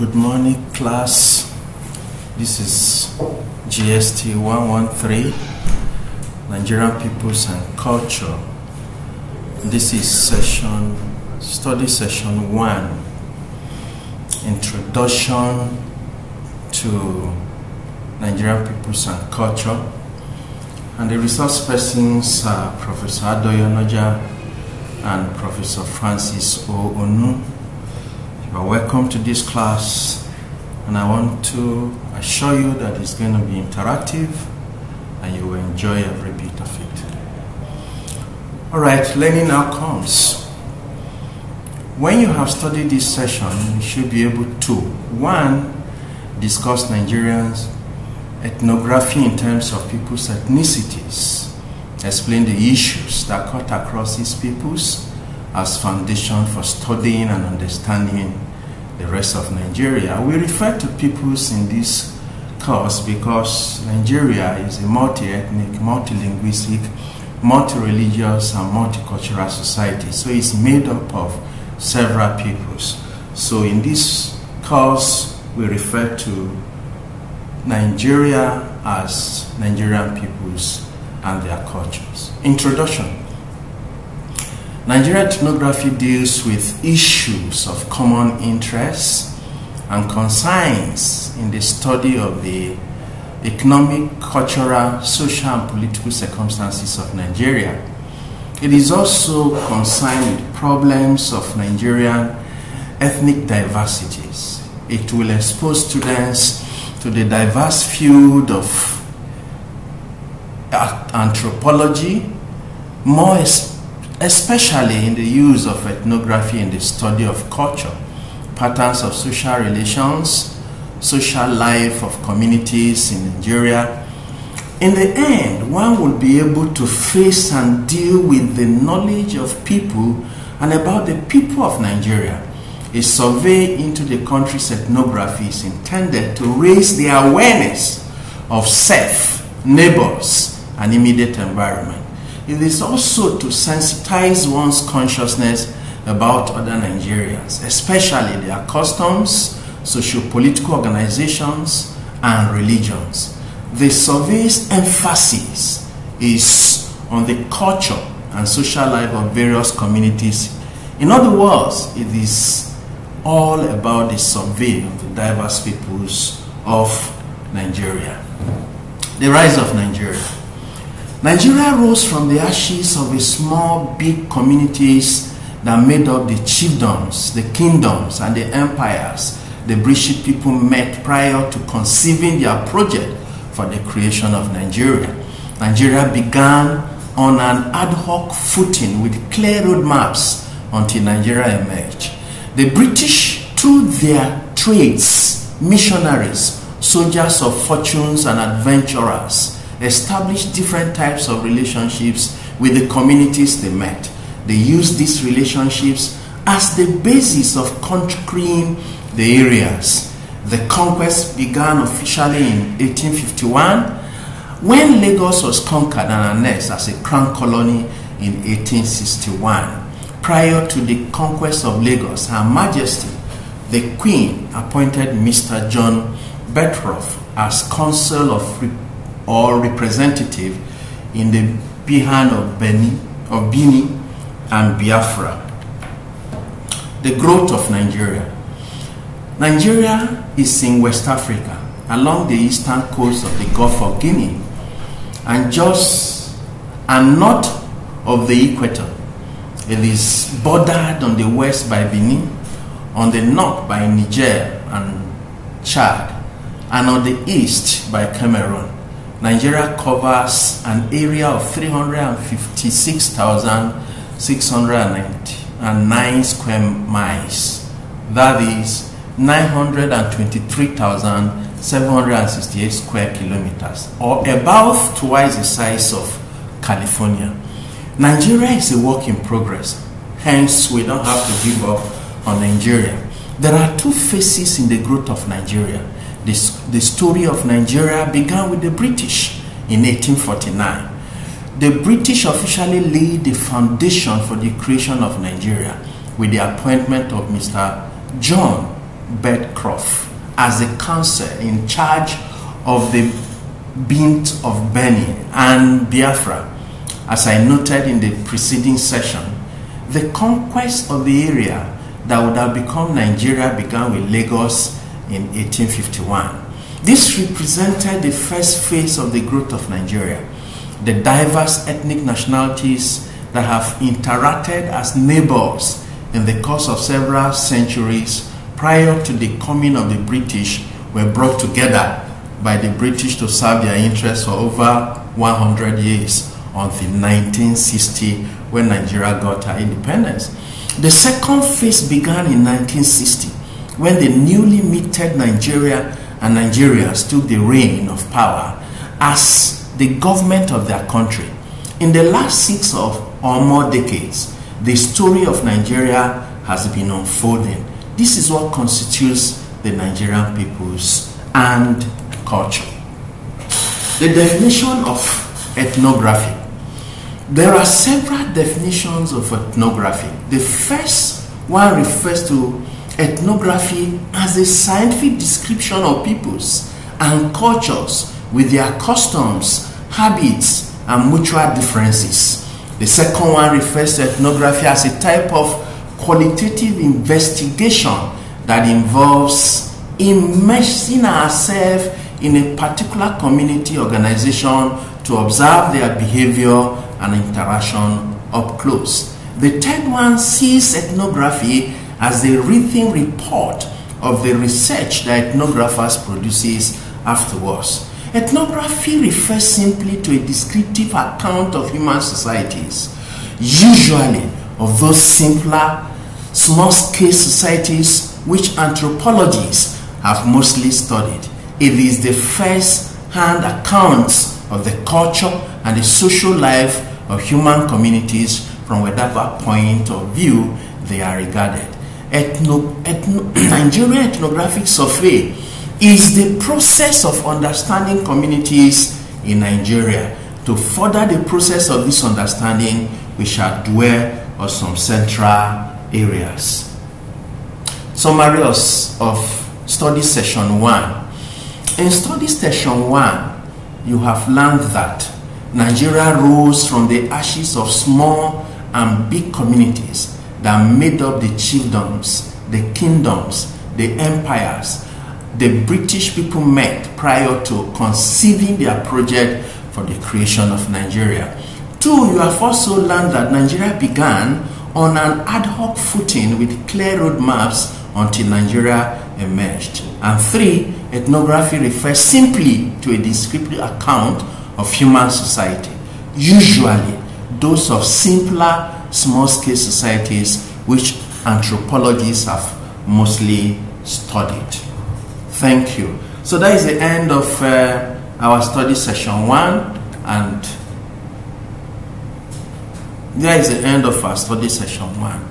Good morning, class. This is GST 113, Nigerian Peoples and Culture. This is session, study session one, introduction to Nigerian Peoples and Culture. And the resource persons are Professor Adoyonoja and Professor Francis O. Onu are welcome to this class and I want to assure you that it's going to be interactive and you will enjoy every bit of it. Alright, learning now comes. When you have studied this session, you should be able to, one, discuss Nigerians' ethnography in terms of people's ethnicities, explain the issues that cut across these peoples, as foundation for studying and understanding the rest of Nigeria. We refer to peoples in this course because Nigeria is a multi-ethnic, multi-linguistic, multi-religious and multicultural society. So it's made up of several peoples. So in this course, we refer to Nigeria as Nigerian peoples and their cultures. Introduction. Nigerian ethnography deals with issues of common interest and concerns in the study of the economic, cultural, social, and political circumstances of Nigeria. It is also concerned with problems of Nigerian ethnic diversities. It will expose students to the diverse field of anthropology, more especially especially in the use of ethnography in the study of culture, patterns of social relations, social life of communities in Nigeria. In the end, one will be able to face and deal with the knowledge of people and about the people of Nigeria. A survey into the country's ethnography is intended to raise the awareness of self, neighbors, and immediate environment. It is also to sensitize one's consciousness about other Nigerians, especially their customs, socio-political organizations, and religions. The survey's emphasis is on the culture and social life of various communities. In other words, it is all about the survey of the diverse peoples of Nigeria. The rise of Nigeria. Nigeria rose from the ashes of a small, big communities that made up the chiefdoms, the kingdoms, and the empires the British people met prior to conceiving their project for the creation of Nigeria. Nigeria began on an ad hoc footing with clear roadmaps until Nigeria emerged. The British, through their trades, missionaries, soldiers of fortunes, and adventurers, establish different types of relationships with the communities they met. They used these relationships as the basis of conquering the areas. The conquest began officially in 1851 when Lagos was conquered and annexed as a crown colony in 1861. Prior to the conquest of Lagos, Her Majesty the Queen appointed Mr. John Betroff as Consul of Republic or representative in the Bihan of Beni, of Bini and Biafra. The growth of Nigeria. Nigeria is in West Africa, along the eastern coast of the Gulf of Guinea, and just and north of the equator. It is bordered on the west by Benin, on the north by Niger and Chad, and on the east by Cameroon. Nigeria covers an area of 356,609 square miles. That is 923,768 square kilometers, or about twice the size of California. Nigeria is a work in progress, hence, we don't have to give up on Nigeria. There are two phases in the growth of Nigeria. The, the story of Nigeria began with the British in 1849. The British officially laid the foundation for the creation of Nigeria with the appointment of Mr. John Bedcroft as the council in charge of the Bint of Benin and Biafra. As I noted in the preceding session, the conquest of the area that would have become Nigeria began with Lagos in 1851. This represented the first phase of the growth of Nigeria. The diverse ethnic nationalities that have interacted as neighbors in the course of several centuries prior to the coming of the British were brought together by the British to serve their interests for over 100 years until 1960 when Nigeria got her independence. The second phase began in 1960 when the newly minted Nigeria and Nigerians took the reign of power as the government of their country. In the last six or more decades, the story of Nigeria has been unfolding. This is what constitutes the Nigerian peoples and culture. The definition of ethnography. There are several definitions of ethnography. The first one refers to Ethnography as a scientific description of peoples and cultures with their customs, habits, and mutual differences. The second one refers to ethnography as a type of qualitative investigation that involves immersing ourselves in a particular community organization to observe their behavior and interaction up close. The third one sees ethnography as a written report of the research that ethnographers produces afterwards. Ethnography refers simply to a descriptive account of human societies, usually of those simpler, small-scale societies which anthropologists have mostly studied. It is the first-hand accounts of the culture and the social life of human communities from whatever point of view they are regarded ethno, ethno, Nigerian Ethnographic Survey is the process of understanding communities in Nigeria. To further the process of this understanding, we shall dwell on some central areas. Summary of, study session one. In study session one, you have learned that Nigeria rose from the ashes of small and big communities that made up the chiefdoms, the kingdoms, the empires the British people met prior to conceiving their project for the creation of Nigeria. Two, you have also learned that Nigeria began on an ad hoc footing with clear roadmaps until Nigeria emerged. And three, ethnography refers simply to a descriptive account of human society, usually those of simpler small scale societies which anthropologists have mostly studied. Thank you. So that is the end of uh, our study session one and that is the end of our study session one.